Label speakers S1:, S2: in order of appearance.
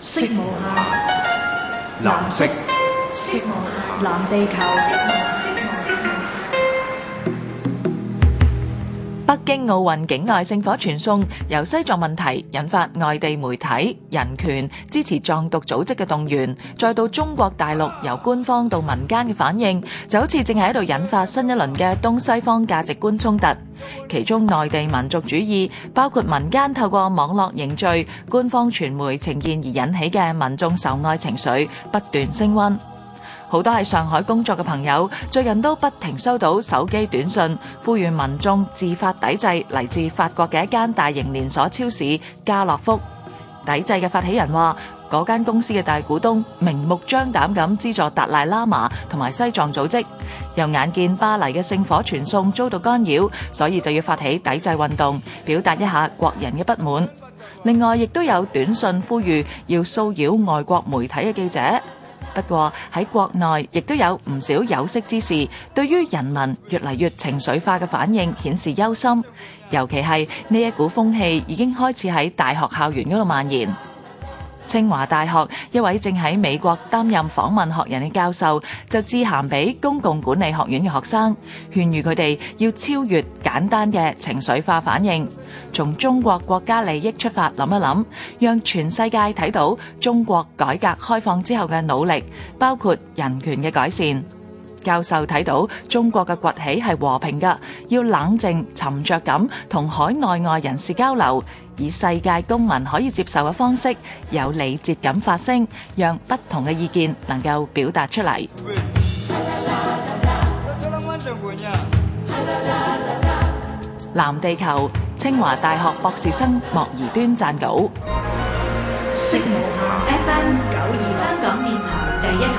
S1: 色無限，藍色。色無限，藍色藍地球。北京奧運境外聖火傳送，由西藏問題引發外地媒體人權支持藏獨組織嘅動員，再到中國大陸由官方到民間嘅反應，就好似正喺度引發新一輪嘅東西方價值觀衝突。其中，內地民族主義包括民間透過網絡凝聚官方傳媒呈現而引起嘅民眾受愛情緒不斷升溫。好多喺上海工作嘅朋友，最近都不停收到手機短信，呼籲民眾自發抵制嚟自法國嘅一間大型連鎖超市家樂福。抵制嘅發起人話：嗰間公司嘅大股東明目張膽咁資助達賴喇嘛同埋西藏組織，又眼見巴黎嘅聖火傳送遭到干擾，所以就要發起抵制運動，表達一下國人嘅不滿。另外，亦都有短信呼籲要騷擾外國媒體嘅記者。不過喺國內亦都有唔少有識之士，對於人民越嚟越情緒化嘅反應顯示憂心，尤其係呢一股風氣已經開始喺大學校園嗰度蔓延。清華大學，一位正喺美國擔任訪問學人嘅教授，就致函畀公共管理學院嘅學生，勸喻佢哋要超越簡單嘅情緒化反應。從中國國家利益出發諗一諗，讓全世界睇到中國改革開放之後嘅努力，包括人權嘅改善。教授睇到中國嘅崛起係和平噶，要冷靜沉着咁同海內外人士交流，以世界公民可以接受嘅方式，有禮節咁發聲，讓不同嘅意見能夠表達出嚟。藍地球，清華大學博士生莫宜端撰稿。